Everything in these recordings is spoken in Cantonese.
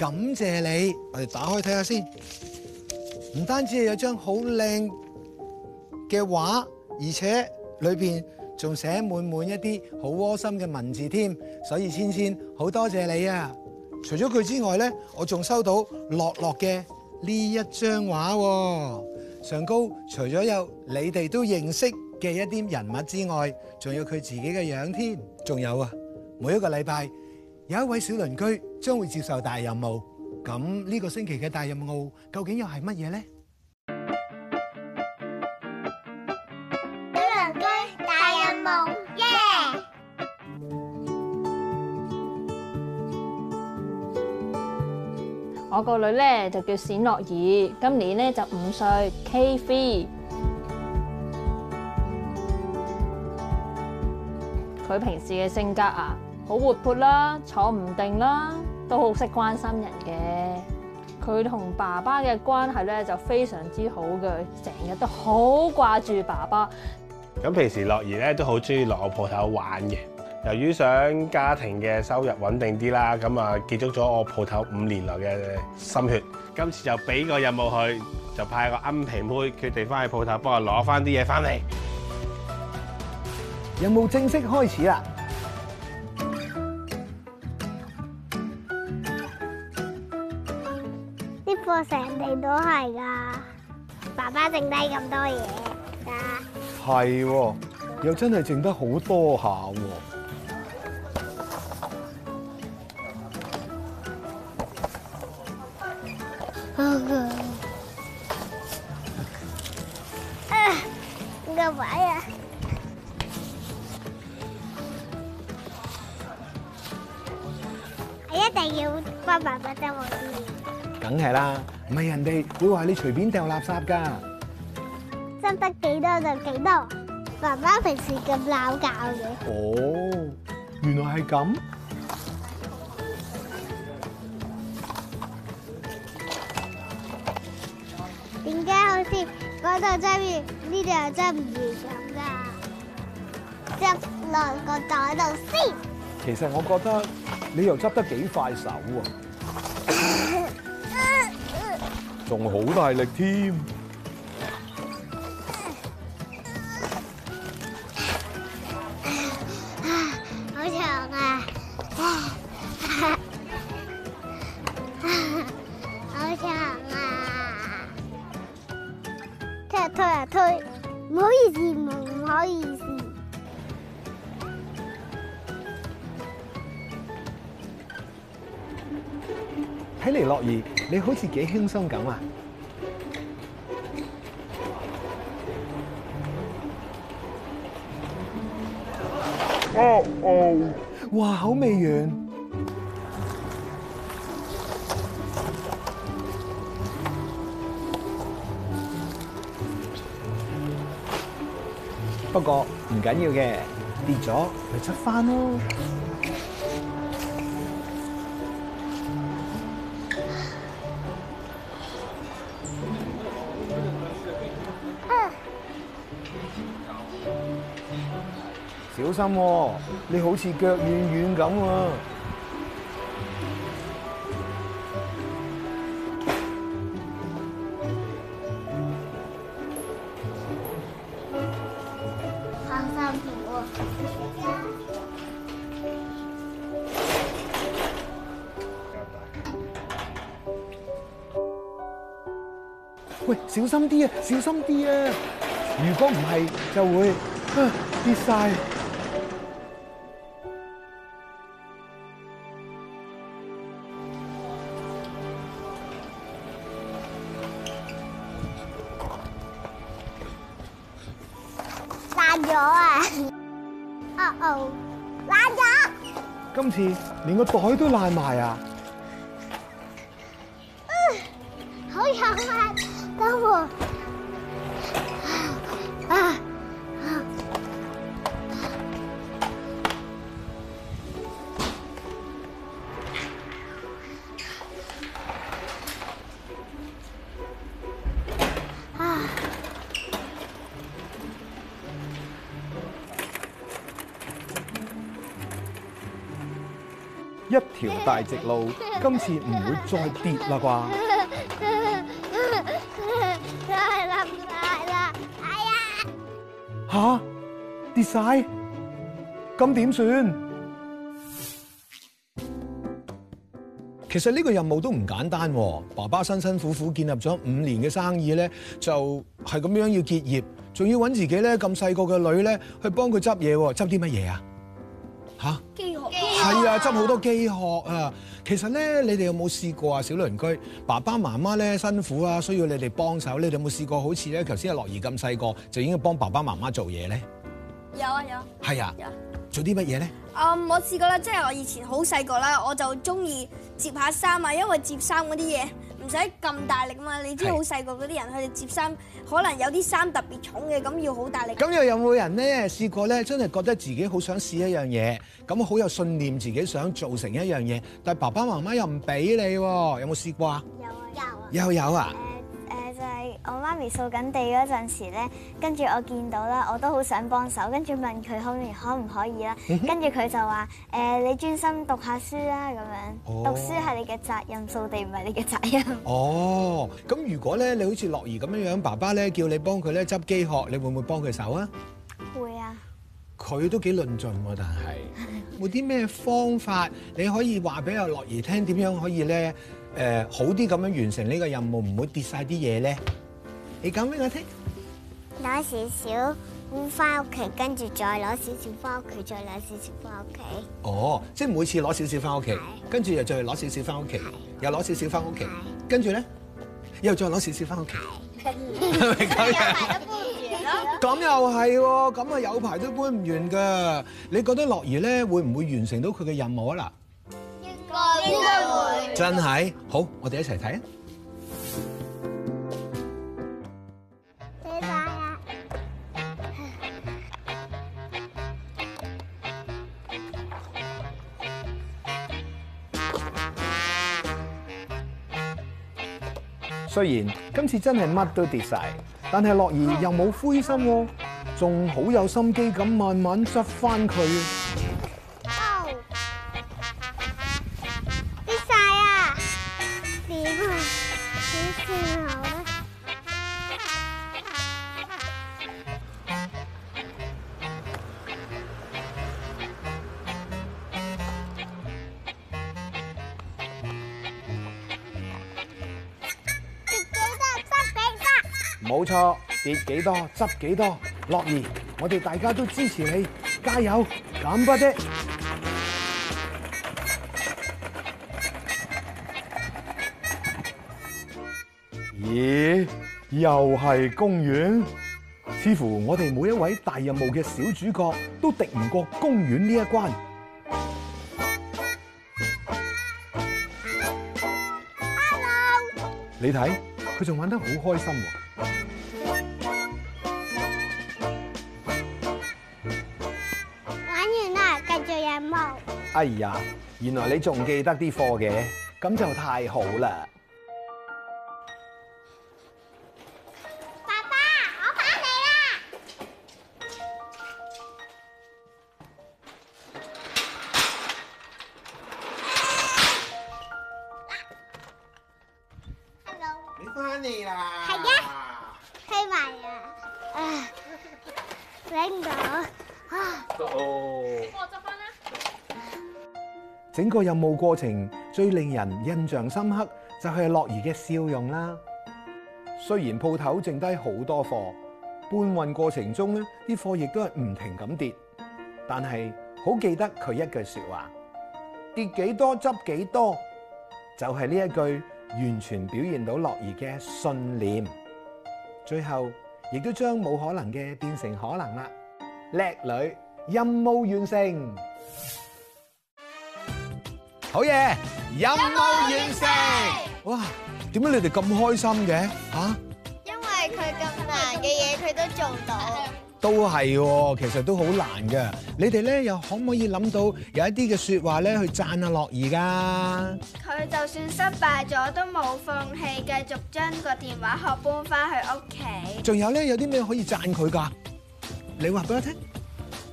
感謝你，我哋打開睇下先。唔單止有張好靚嘅畫，而且裏邊仲寫滿滿一啲好窩心嘅文字添。所以千千好多謝你啊！除咗佢之外呢，我仲收到樂樂嘅呢一張畫喎。上高，除咗有你哋都認識嘅一啲人物之外，仲有佢自己嘅樣添。仲有啊，每一個禮拜。有一位小鄰居將會接受大任務，咁呢個星期嘅大任務究竟又係乜嘢呢？小鄰居大任務耶！我個女咧就叫冼諾兒，今年咧就五歲，K three。佢平時嘅性格啊。好活潑啦，坐唔定啦，都好識關心人嘅。佢同爸爸嘅關係咧就非常之好嘅，成日都好掛住爸爸。咁平時樂兒咧都好中意落我鋪頭玩嘅。由於想家庭嘅收入穩定啲啦，咁啊結束咗我鋪頭五年來嘅心血，今次就俾個任務佢，就派個奀皮妹佢哋翻去鋪頭幫我攞翻啲嘢翻嚟。任務正式開始啦！都係噶爸爸剩低咁多嘢。係，又真係剩得好多下。啊！唔得唔得呀！我一定要幫爸爸得我啲嘢。梗係啦。唔係人哋會話你隨便掟垃圾噶，執得幾多就幾多。爸爸平時咁鬧教你。哦，原來係咁。點解好似嗰度執完呢度又執唔住咁噶？執落個袋度先。其實我覺得你又執得幾快手啊！仲好大力添！好長啊！好長啊！推啊！推啊！推啊，唔好意思，唔好意思。睇你樂意。你好似幾輕鬆咁啊！哦哦、oh, um，話口未完， 不過唔緊要嘅，跌咗佢出翻咯。小心喎！你好似腳軟軟咁喎。爬山虎。喂，小心啲啊！小心啲啊！如果唔係，就會跌晒。連個袋都爛埋啊！好有麥、啊，等我。大直路，今次唔會再跌啦啩？吓、啊、跌晒，咁點算？其實呢個任務都唔簡單喎。爸爸辛辛苦苦建立咗五年嘅生意咧，就係、是、咁樣要結業，仲要搵自己咧咁細個嘅女咧去幫佢執嘢，執啲乜嘢啊？吓？係啊，執好多機殼啊！其實咧，你哋有冇試過啊？小鄰居爸爸媽媽咧辛苦啊，需要你哋幫手。你哋有冇試過好似咧頭先阿樂兒咁細個，就應該幫爸爸媽媽做嘢咧，啊？有啊有。係啊。的有。做啲乜嘢咧？啊，um, 我試過啦，即、就、係、是、我以前好細個啦，我就中意接下衫啊，因為接衫嗰啲嘢。唔使咁大力嘛，你知好細個嗰啲人，佢哋是接衫可能有啲衫特別重嘅，咁要好大力。咁又有冇人呢？試過呢，真係覺得自己好想試一樣嘢，咁好有信念自己想做成一樣嘢，但係爸爸媽媽又唔俾你喎，有冇試過啊？有啊，有有啊。有啊。我媽咪掃緊地嗰陣時咧，跟住我見到啦，我都好想幫手，跟住問佢可唔可唔可以啦。跟住佢就話：誒、呃，你專心讀下書啦，咁樣、哦、讀書係你嘅責任，掃地唔係你嘅責任。哦，咁如果咧，你好似樂兒咁樣樣，爸爸咧叫你幫佢咧執機殼，你會唔會幫佢手啊？會啊。佢都幾論盡喎、啊，但係冇啲咩方法你可以話俾阿樂兒聽，點樣可以咧誒、呃、好啲咁樣完成呢個任務，唔會跌晒啲嘢咧？你講俾我聽，攞少少翻屋企，跟住再攞少少翻屋企，再攞少少翻屋企。哦、嗯喔，即係每次攞少少翻屋企，嗯、跟住又再攞少少翻屋企，又攞少少翻屋企，嗯、跟住咧又再攞少少翻屋企，跟住，係咪咁樣？咁又係喎，咁啊有排都搬唔 完噶。你覺得樂兒咧會唔會完成到佢嘅任務啊？嗱，應該會。好應該會，真係，好，我哋一齊睇啊！雖然今次真係乜都跌晒，但係樂兒又冇灰心喎、啊，仲好有心機咁慢慢執返佢。錯跌幾多執幾多，樂兒，我哋大家都支持你，加油！咁不的，咦？又係公園，似乎我哋每一位大任務嘅小主角都敵唔過公園呢一關。Hello. 你睇。佢仲玩得好開心喎！玩完啦，繼續任務。哎呀，原來你仲記得啲貨嘅，咁就太好啦！係呀，開埋啊，拎到，做哦，幫我執翻啦。整個任務過程最令人印象深刻就係樂兒嘅笑容啦。雖然鋪頭剩低好多貨，搬運過程中呢啲貨亦都係唔停咁跌，但係好記得佢一句說話：跌幾多執幾多，就係呢一句。完全表現到樂兒嘅信念，最後亦都將冇可能嘅變成可能啦！叻女，任務完成。好嘢，任務完成！哇，點解你哋咁開心嘅？嚇，因為佢咁難嘅嘢佢都做到。都係喎，其實都好難㗎。你哋咧又可唔可以諗到有一啲嘅説話咧去讚阿樂兒噶？佢就算失敗咗都冇放棄，繼續將個電話殼搬翻去屋企。仲有咧，有啲咩可以讚佢噶？你話俾我聽。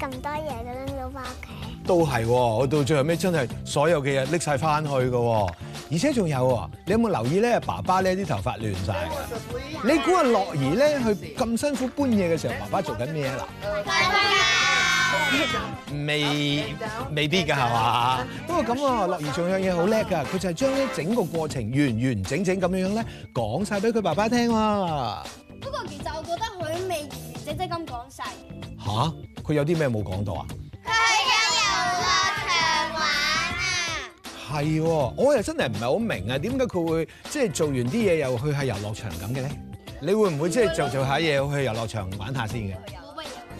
咁多嘢都拎到翻屋企。都係喎，我到最後尾真係所有嘅嘢拎晒翻去㗎，而且仲有，你有冇留意咧？爸爸咧啲頭髮亂晒，嗯、你估阿樂兒咧去咁辛苦搬嘢嘅時候，爸爸做緊咩啊？嗱，未未必㗎係嘛？拜拜。不過咁喎，樂兒仲有樣嘢好叻㗎，佢就係將整個過程完完整整咁樣樣咧講晒俾佢爸爸聽啊。不過其實我覺得佢未完完整整咁講晒，吓？佢有啲咩冇講到啊？係喎，我又真係唔係好明啊，點解佢會即係做完啲嘢又去下遊樂場咁嘅咧？你會唔會即係就做，做下嘢去遊樂場玩下先嘅？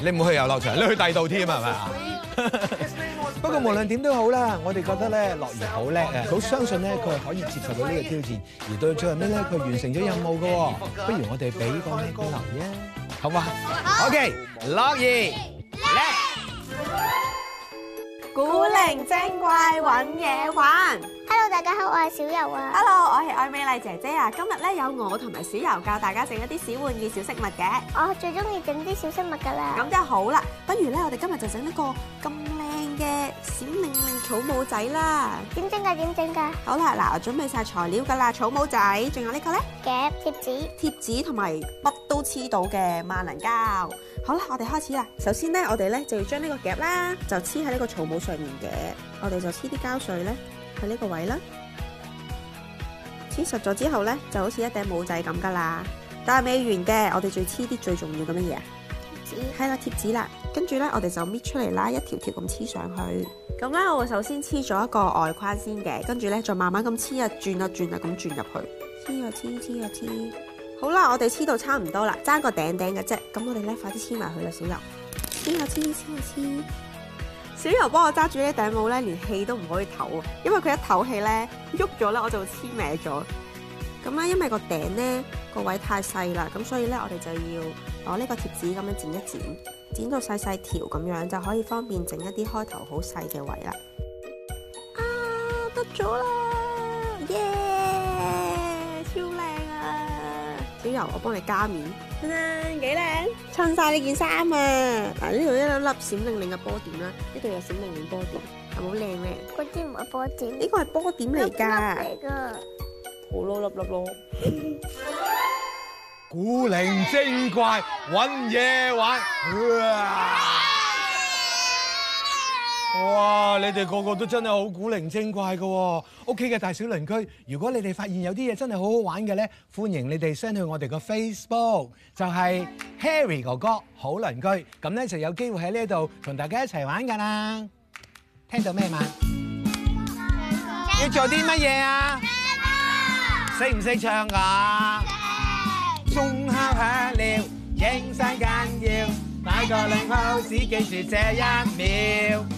你唔會去遊樂場，你去第二度添啊？係咪啊？不過無論點都好啦，我哋覺得咧樂兒好叻啊，好相信咧佢係可以接受到呢個挑戰，而對最後尾咧佢完成咗任務嘅。不如我哋俾個呢個啫，好係嘛？OK，樂兒，叻！古靈精怪揾嘢玩。Hello 大家好，我係小柔啊。Hello 我係愛美麗姐姐啊，今日咧有我同埋小柔教大家整一啲小玩意、小食、小飾物嘅。我最中意整啲小飾物噶啦，咁就好啦，不如咧我哋今日就整一個咁靚嘅閃令令草帽仔啦，點整噶？點整噶？好啦，嗱，我準備晒材料噶啦，草帽仔，仲有個呢個咧，夾、貼紙、貼紙同埋筆。黐到嘅萬能膠，好啦，我哋開始啦。首先呢，我哋呢就要將呢個夾啦，就黐喺呢個草帽上面嘅。我哋就黐啲膠水呢，喺呢個位啦。黐實咗之後呢，就好似一頂帽仔咁噶啦。但係未完嘅，我哋再黐啲最重要嘅乜嘢？貼紙。係啦，貼紙啦。跟住呢，我哋就搣出嚟啦，一條條咁黐上去。咁呢，我會首先黐咗一個外框先嘅，跟住呢，就慢慢咁黐啊，轉啊轉啊咁轉入去。黐啊黐，黐啊黐。好啦，我哋黐到差唔多啦，爭個頂頂嘅啫。咁我哋咧快啲黐埋佢啦，小油。黐下黐黐下，黐！小油幫我揸住呢頂帽咧，連氣都唔可以唞啊，因為佢一透氣咧，喐咗咧，我就會黐歪咗。咁咧，因為個頂咧個位太細啦，咁所以咧我哋就要攞呢個貼紙咁樣剪一剪，剪到細細條咁樣就可以方便整一啲開頭好細嘅位啦。啊，得咗啦，耶、Yeah！我幫你加面，真真幾靚，襯晒呢件衫啊！嗱呢度一粒粒閃靈靈嘅波點啦，呢度有閃靈靈波點，係咪好靚咧？嗰啲唔係波點，呢個係波點嚟噶，好咯，粒粒咯， 古靈精怪搵嘢玩。 哇！你哋個個都真係好古靈精怪㗎喎，屋企嘅大小鄰居，如果你哋發現有啲嘢真係好好玩嘅咧，歡迎你哋 send 去我哋個 Facebook，就係 Harry 哥哥好鄰居，咁咧就有機會喺呢一度同大家一齊玩㗎啦。聽到咩嘛？要做啲乜嘢啊？識唔識唱㗎？鐘敲響了，人生緊要，擺個零號，只記住這一秒。